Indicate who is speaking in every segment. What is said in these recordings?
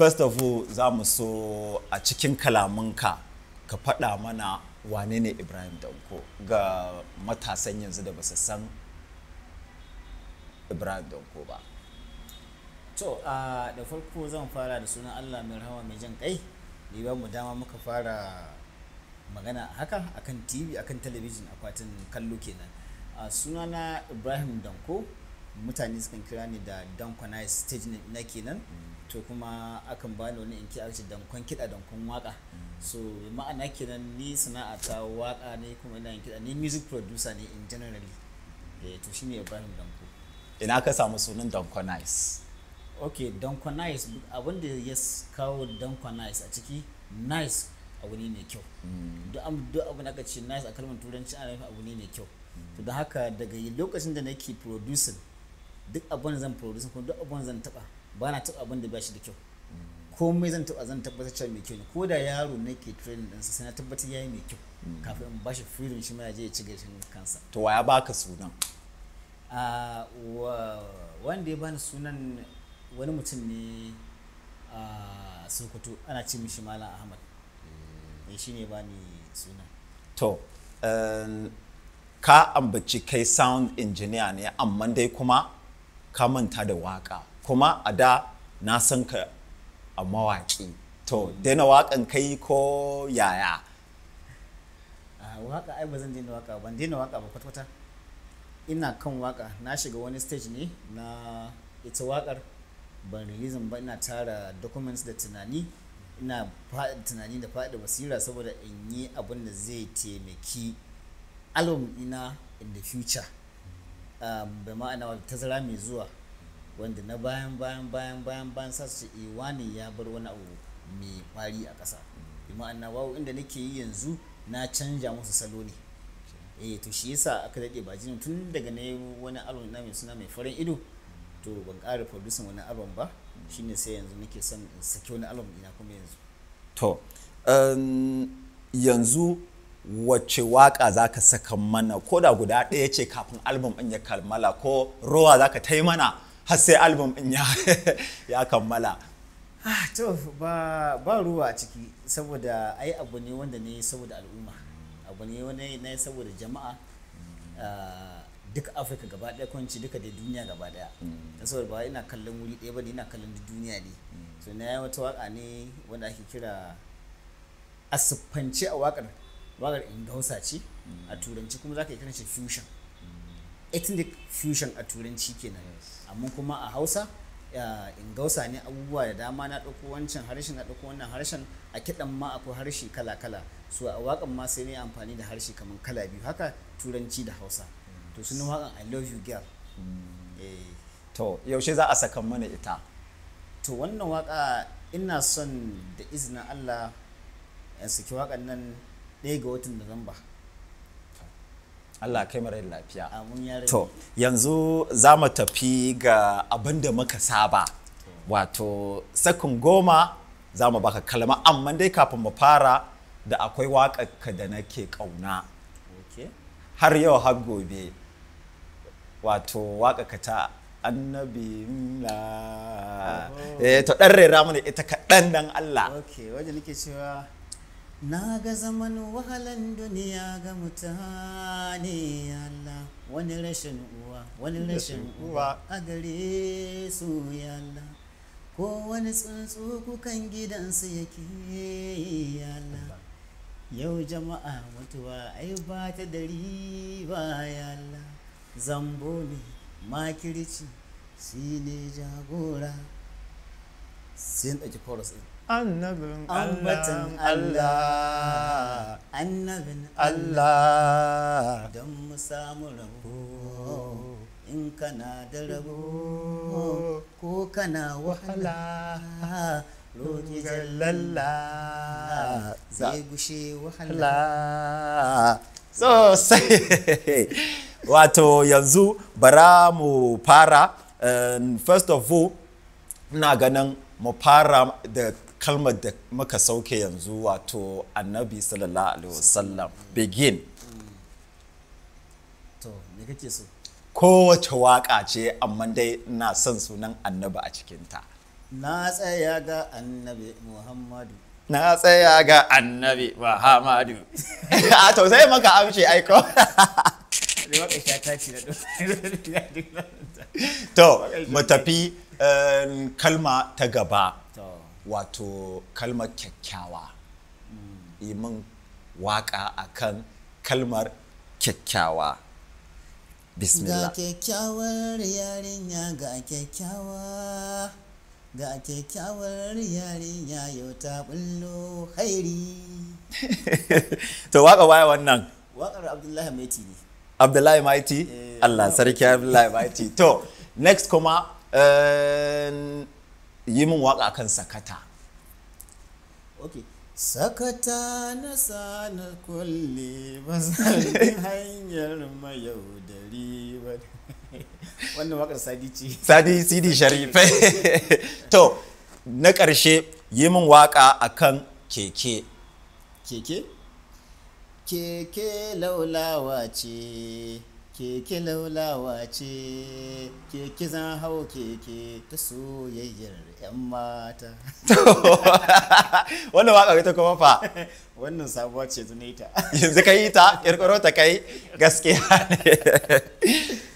Speaker 1: first of all za mu so a cikin kalamunka ka faɗa mana wane ne ibrahim danko ga matasan yanzu da ba su san ibrahim danko ba
Speaker 2: to da farko zan fara da sunan allah mai rahama mai jan kai ba mu dama muka fara magana haka akan tv akan talabijin akwatin kallo kenan sunana ibrahim danko mutane sukan kira ni da dankwana stage na kenan mm. to kuma akan bani wani inki a ce dankon kiɗa dankon waka mm. so ma'ana kenan ni sana'a ta waka ne kuma ina kiɗa ni music producer ne in generally eh to shine Ibrahim
Speaker 1: Danko ina ka samu sunan Dankonize
Speaker 2: okay Dankonize abin da ya kawo Dankonize a ciki nice abu ne mai kyau mm. duk abu na ka ce nice a kalmar turanci ana nufin abu ne mai kyau to da haka daga lokacin da nake producing duk abin zan produce kuma duk abin zan taba ba na taba abin da ba shi da kyau komai zan taba zan tabbatar cewa mai kyau ne ko da yaro ne ke training din sa sai na tabbatar yayi mai kyau kafin in ba shi freedom shi ma ya je ya ci gashin kansa
Speaker 1: to waya baka sunan
Speaker 2: a wanda ya bani sunan wani mutum ne a sokoto ana ce mishi malam ahmad ne eh, shi ne bani sunan
Speaker 1: to eh, ka ambaci kai sound engineer ne amma dai kuma ka manta da waka kuma a da na san ka a mawaƙi to daina waƙan kai ko yaya
Speaker 2: waka ai ba zan daina waka ban daina waka ba kwata ina kan waka na shiga wani stage ne na ita wakar ban releasing ba ina tara documents da tunani ina faɗi tunani da faɗi basira saboda in yi abin da zai taimaki album ina in the future da um, ma'ana tazara mai zuwa wanda na bayan bayan bayan bayan bayan sa su iwani eh, ya bar wani abu mai kwari a ƙasa bi ma'ana wawo inda nake yi yanzu na canja musu salo ne eh to shi yasa aka daɗe ba jini tun daga na wani album na mai suna mai farin ido to ban ƙara producing wani album ba shine sai yanzu nake son in saki wani album ina kuma yanzu
Speaker 1: to um, yanzu wacce waka za ka saka mana ko da guda ɗaya ce kafin album ɗin ya kammala ko rowa za ka ta yi mana har sai album ɗin ya kammala
Speaker 2: ah, to ba ruwa a ciki saboda ai abu ne wanda ne saboda al'umma abu ne wanda ne saboda jama'a mm. ah, duka afirka gaba ɗaya kwanci duka da duniya gaba ɗaya ta mm. saboda ba ina kallon wuri ɗaya ba da ina kallon duniya ne mm. so na yi wata waka ne wanda ake kira a siffance a wakar wagar ingausa ce a turanci kuma za ka iya shi fusion ethnic fusion a turanci kenan amma kuma a hausa gausa ne abubuwa da dama na ɗauko wancan harshen na ɗauko wannan harshen a kiɗan ma akwai harshe kala-kala so a waƙan ma sai ne amfani da harshe kamar kala biyu haka turanci da hausa mm. to sunan waƙan i love you girl mm. eh. to yaushe za a saka mana ita to wannan waƙa ina son da izinin allah in saki waƙan nan ɗaya ga watan
Speaker 1: Nuwamba. Allah kai marar lafiya. yare. To yanzu za mu tafi ga abin da muka saba wato sakin goma za mu baka kalma amma dai kafin mu fara da akwai waƙarka da nake ƙauna. Har yau har gobe wato waƙarka ta annabi na. Eh to ɗan rera mana ita kaɗan dan Allah. Ok wajen nake cewa na
Speaker 2: ga zaman wahalan duniya ga mutane Allah wani rashin uwa wani rashin uwa a gare su ya ko wani tsuntsu kukan gidansu yake ya Allah yau jama'a mutuwa ai ba ta dari ba ya Allah zambo ne makirci shi ne jagora sai ɗauki chorus
Speaker 1: annabin Allah Allah annabin Allah don
Speaker 2: mu samu rabo in kana da rabo ko kana wahala roƙi jallalla zai gushe wahala
Speaker 1: sosai wato yanzu bara mu fara first of all na ganin mu fara da kalmar da muka sauke yanzu wato annabi sallallahu alaihi wasallam begin to me kake so kowace waka ce amma dai ina son sunan annabi a cikinta
Speaker 2: na tsaya ga annabi muhammadu
Speaker 1: na tsaya ga annabi muhammadu a to sai maka amshe aiko to mu tafi eh, kalma ta gaba wato kalmar kyakkyawa
Speaker 2: mm.
Speaker 1: min waka akan kalmar kyakkyawa bismillah ga
Speaker 2: kyakkyawar yarinya ga kyakkyawa ga kyakkyawar yarinya yau ta bullo hairi
Speaker 1: to waka waya wannan
Speaker 2: wakar abdullahi maiti ne
Speaker 1: abdullahi maiti eh. allah sarki abdullahi maiti to next kuma eh, yi min waka akan sakata
Speaker 2: okay sakata na sana kulle ba zai hanyar mayaudari ba wannan wakar sadi ce sadi sidi sharifai
Speaker 1: to na ƙarshe yi min waka akan keke keke
Speaker 2: keke laulawa ce keke laulawa ce keke zan hau keke ta soyayyar 'yan mata
Speaker 1: wannan waka ta kuma fa
Speaker 2: wannan sabuwa ce zuna ita
Speaker 1: yanzu ka yi ta kirkiro ta kai gaskiya ne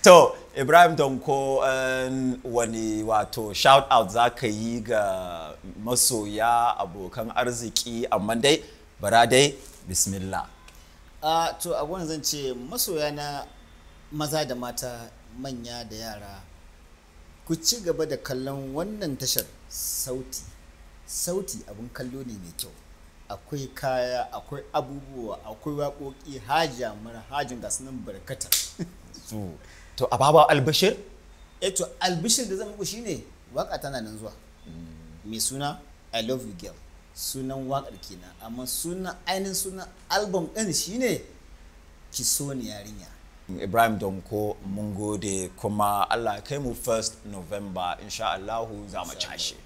Speaker 1: to ibrahim donko um, wani wato shout out za ka yi ga masoya abokan arziki amma dai bara dai bismillah
Speaker 2: Uh, to a zan ce masoya na maza da mata manya da yara ku ci gaba da kallon wannan tashar sauti sauti abin kallo ne mai kyau akwai kaya akwai abubuwa akwai waƙoƙi hajja mara hajin gasu nan barkata
Speaker 1: to a baba albashir
Speaker 2: eh to albashir da zan muku shine waka tana nan zuwa
Speaker 1: mm. mai
Speaker 2: suna i love you girl sunan waƙar kenan amma suna ainihin sunan album ɗin
Speaker 1: shine ki so ni yarinya ibrahim donko mun gode kuma allah kai mu 1st november insha allahu za mu cashe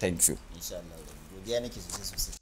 Speaker 1: thank you insha allahu godiya nake sosai sosai